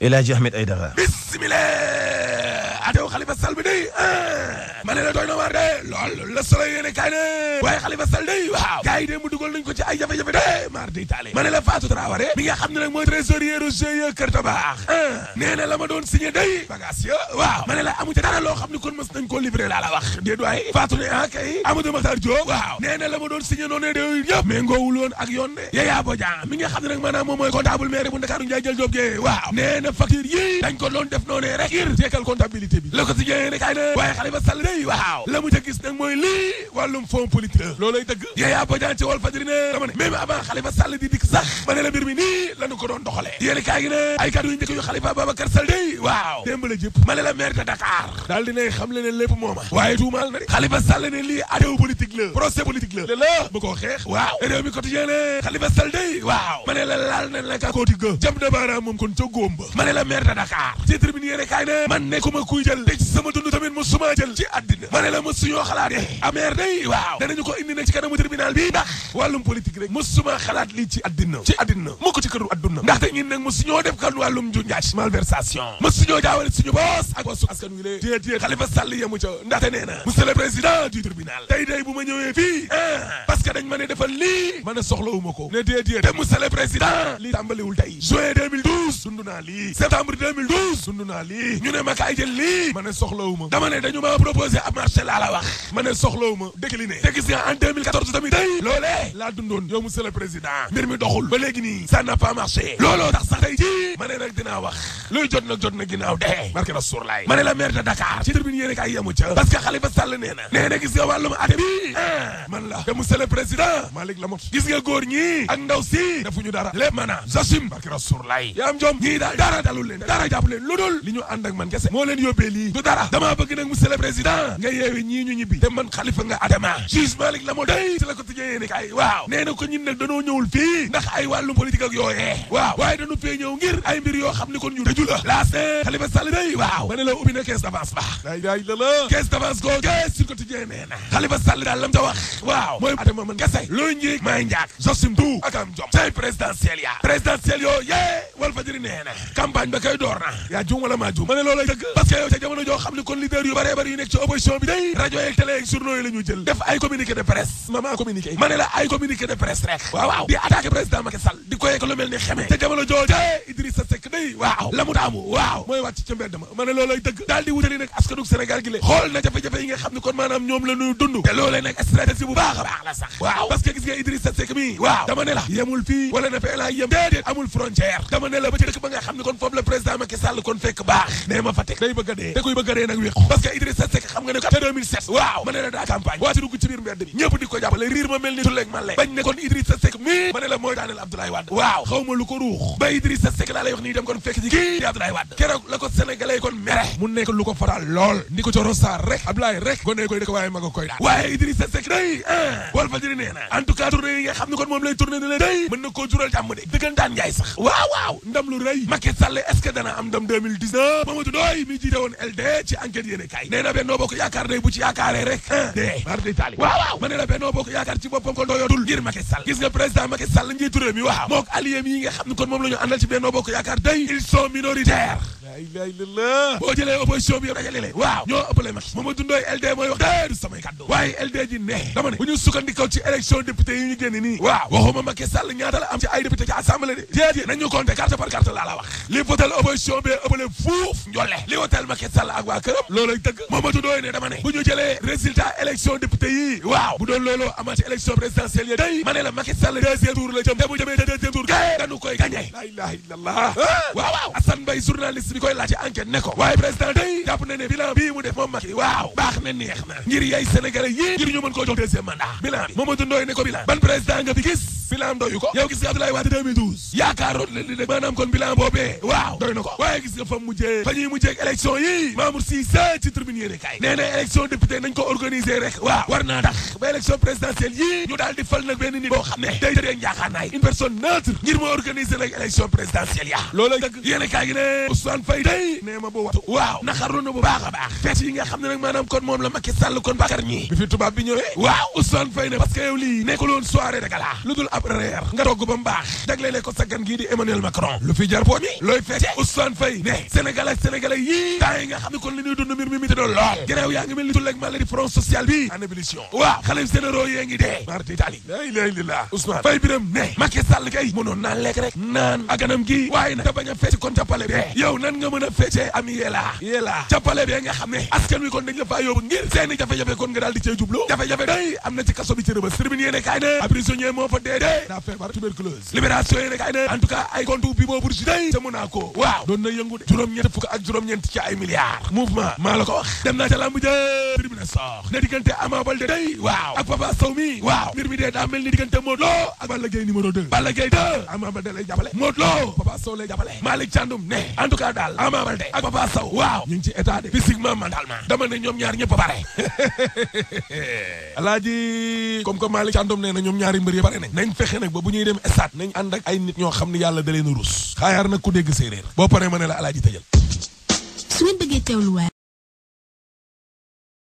El Hadji Ahmed Aïdara. Bismillah. atew Khalifa Sall bi day eh, ma ne la la solo yéene kay ne waaye Khalifa Sall waaw gars yi mu dugal nañ ko ci ay jafe-jafe de maar day taale ma ne la Fatou Traoré mi nga xam ne e eh, la ma doon signé day bagage amu ci dara loo xam ne kon mës nañ koo livré laa la wax déet waay Fatou ne ah kay Amadou la ma doon signé noonu de ñëpp mais ngoowul woon ak yoon de Yaya Bodian mi nga xam ne nag maanaam moom mooy comptable maire bu Ndakaaru Ndiaye Jël Diop waaw nee na facture yi dañ ko société bi le quotidien yéen waaye Khalifa Sall waaw la mu ca gis nag lii wàllum fond politique ma ne la mbir mi nii lañu ko doon doxalee yéen kay gi ne ay kàddu yu njëkk yu Khalifa Babacar Sall day waaw démb la jëpp ma ne la maire de Dakar daal dinay xam le ne lépp mooma waaye tuumaal na de Khalifa Sall ne lii adéw politique la procès politique la lé la bu ko xeex waaw réew mi quotidien ne Khalifa Sall day waaw ma ne la laal na naka kooti ga jam na baaraam moom kon ca góom kuy jël te ci sama dund day day bu ma ñëwee fii ah. parce que ma ne defal lii ma ne soxlawuma ko ne téye téye te monsieur le président ah. lii tàmbaliwul tey juin 2012 dund naa lii septembre 2012 dund naa lii ñu ne ma kaay jël lii ma ne soxlawu ma dama ne dañu ma proposé ab marché laa la wax ma ne soxlawu ma décliné te gis nga en 2014 tamit tey loolee laa dundoon yow monsieur président mbir mi doxul ba léegi nii ça n'a marché looloo tax sax tey jii ma ne nag dinaa wax luy jot nag jot na ginnaaw dee barke na suur laay ma la maire de Dakar ci tribune yéene kaay yemu ca parce que Khalifa Sall nee na nee na gis nga wàllum ate bi ah! man la te monsieur président Malick Lamotte gis nga góor célébrer lii du dara damaa bëgg nag monsieur le président nga yeewi ñii ñibbi te man nga adama juge Malick la moo day si ko tijjee ne kay waaw nee na ko ñun nag danoo ñëwul fii ndax ay wàllum politique ak yooyee waaw waaye dañu fee ñëw ngir ay mbir yoo xam ne kon ñu tëju la laase day waaw ma la ubbi na caisse d'avance ba day day la la caisse d'avance koo gee ko tijjee nee na xalifa daal lam ta wax waaw mooy adama man looy njiig maay njaak josim du ak wal waaw waaw di attaqué président Macky na jafe-jafe yi nga ma ba ci dëkk ba xam ne kon foofu la président Macky Sall kon fekk baax nee ma fa teg day bëgg a te kuy bëgg a nag wéqu parce que Idrissa Seck xam nga ne mooy daaneel Abdoulaye Wade waaw xaw ma lu ko ruux ba Idrissa Seck laa lay wax nii dem kon fekk ji kii di la ko sénégalais kon mere mu nekk lu ko faral lool ni ko coro saar rek Abdoulaye rek gonee koy waaye ma nga koy daal waaye Idrissa Seck day ah. a day mën na koo ndam lu rëy Macky Sall est dana am ndam 2019 Mamadou Ndoye mi jiite woon LD ci enquête yéene kaay nee na Benno Bokk Yaakaar day bu ci yaakaaree rek de mar d' itali waaw ma ne la Benno Bokk ci boppam ko doyotul ngir Macky Sall gis nga président Macky mi waaw mook alliés yi nga xam ne kon moom la ñu ci Benno Bokk Yaakaar day ils sont minoritaires laa ilaaha illallaah boo jëlee opposition bi yëpp dajale leen waaw ñoo ëppale Macky Mamadou Ndoye LD mooy wax déedu samay kàddu wax li votel opposition bi ëppale fuuf njolle li votel Macky bu ñu jëlee résultat élection député yi waaw bu doon looloo amaat ci élection présidentielle yi day ma ne la Macky Sall deuxième la jëm te bu jëmee deuxième te dañu koy gagné la ilaha illallah waaw waaw Assane Mbaye journaliste bi koy laajte enquête ne ko waaye président tey jàpp na ne bilan bii mu def moom Macky waaw baax na neex na ngir yay sénégalais yi ngir ñu mën koo jox deuxième mandat bilan bi Mamadou Ndoye ne ko bilan ban président nga fi gis bilan doyu ko yow gis nga Abdoulaye Wade 2012 yaakaaroon leen maanaam kon bilan boobee waaw doy waaye gis nga fa mujjee fa ñuy mujjee ak yi Mamour Cissé ci tribune yéene kaay nee na nañ ko organiser rek waaw war naa ba élection présidentielle yi ñu daal di fal nag benn nit boo xam ne day tëddee njaaxaan naay une personne ngir mu organiser nag élection présidentielle ya loolu dëgg yéene kaay gi ne Ousmane Faye day nee ma bu wattu waaw naxaru na bu baax a ab reer nga togg ba mbaax jagleele ko sa gan gii di Emmanuel Macron lu fi jar poñ yi looy fecce Ousmane Faye ne Sénégal ak Sénégalais yii temps nga xam ne kon li ñuy dund mbir mi mi te doon yaa ngi mel ni tulleeg maladie front social bi en ébullition waaw xalif généraux yee ngi dee marti Italie la ilaha illallah Ousmane Faye biram ne Macky Sall kay mënoon naan lekk rek naan ak ganam gii waaye nag da bañ a fecc kon jàppale bee yow nan nga mën a feccee am yéelaa de daa feebar tuberculose libération yéene kay ne en tout cas ay compte bi moo bourgi day ca Monaco waaw doon na yëngu de juróom-ñeent fukk ak juróom-ñeent ci ay milliards mouvement maa la ko wax dem naa ca lamb ja ne diggante Ama Baldé day waaw ak Papa Sow mi waaw mbir mi dee daa mel diggante Modou ak Balla Gaye numéro 2 Balla Gaye 2 Ama Baldé lay jàppale Modou Papa Sow lay jàppale Malick Thiandoum ne en tout cas daal Ama Baldé ak Papa Sow waaw ñu ci état de physiquement mentalement dama a fexe nag ba bu ñuy dem stade nañ ànd ak ay nit ñoo xam ne yàlla da leen xaayaar nag ku dégg séeréer boo paree ma la alaaji tëjal su ngeen